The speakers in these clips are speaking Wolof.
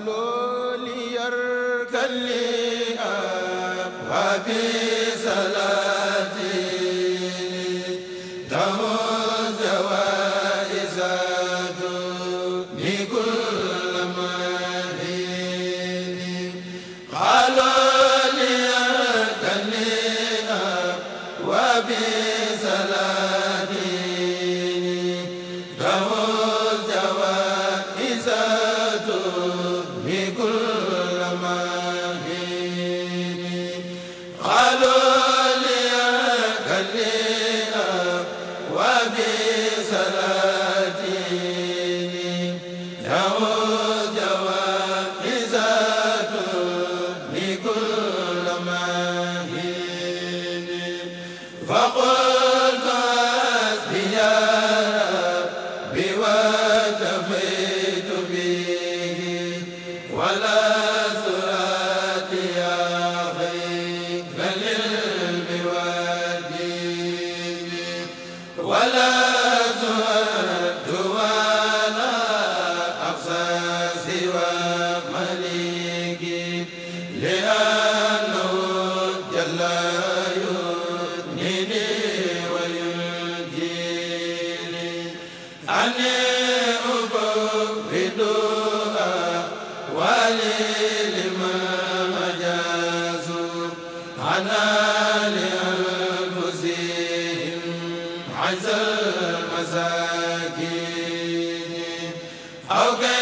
looli yar kalli ab habi ane aw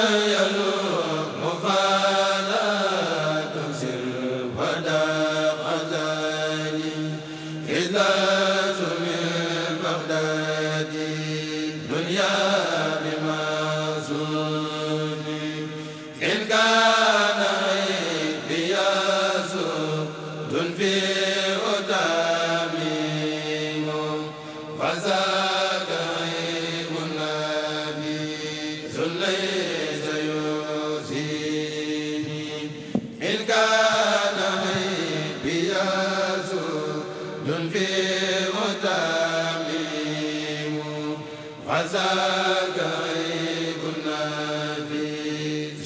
di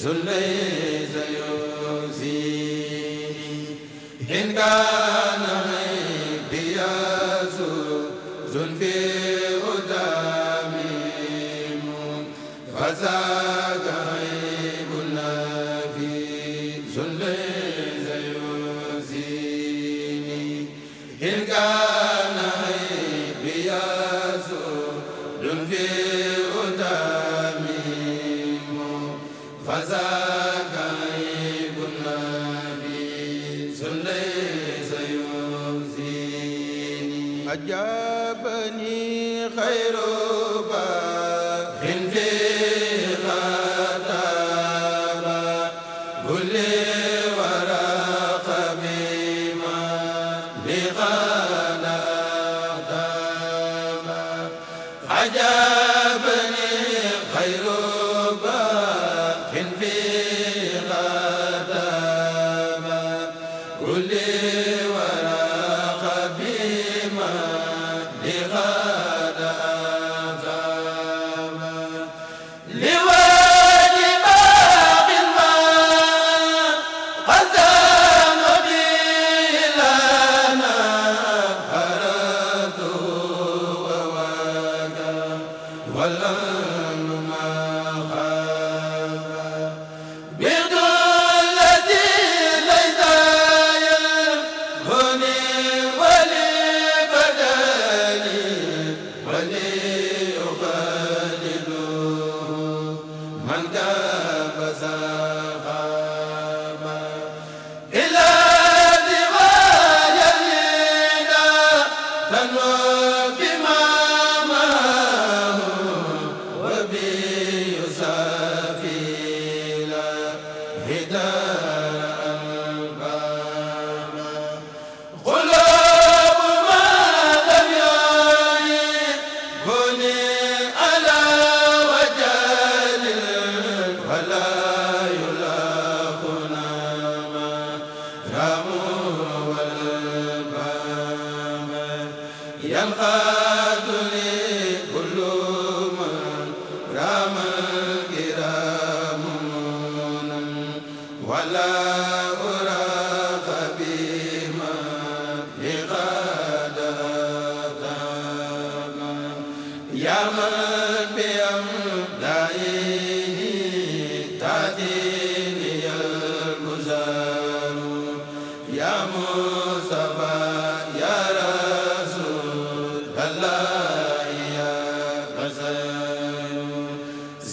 Zulay sayuzini hinka ajabani xayru baaxin fi xataaba kulli wara xabiima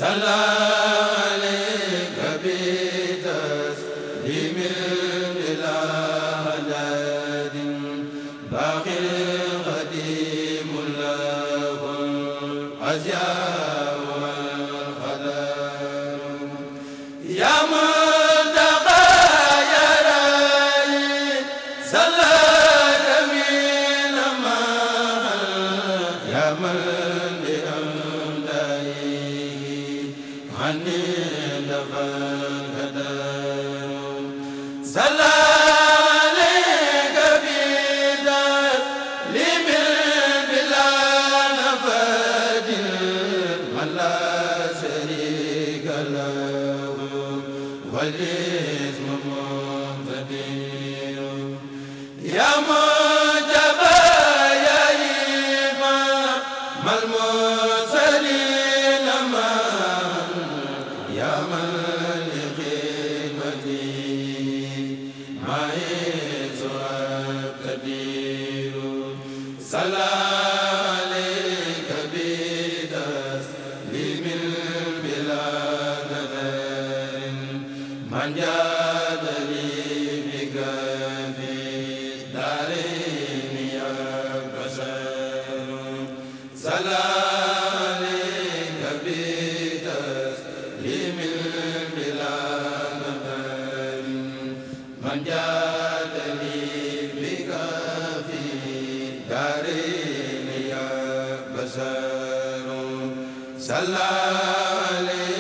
salaam alayka bi tasliimil ilaah wal ale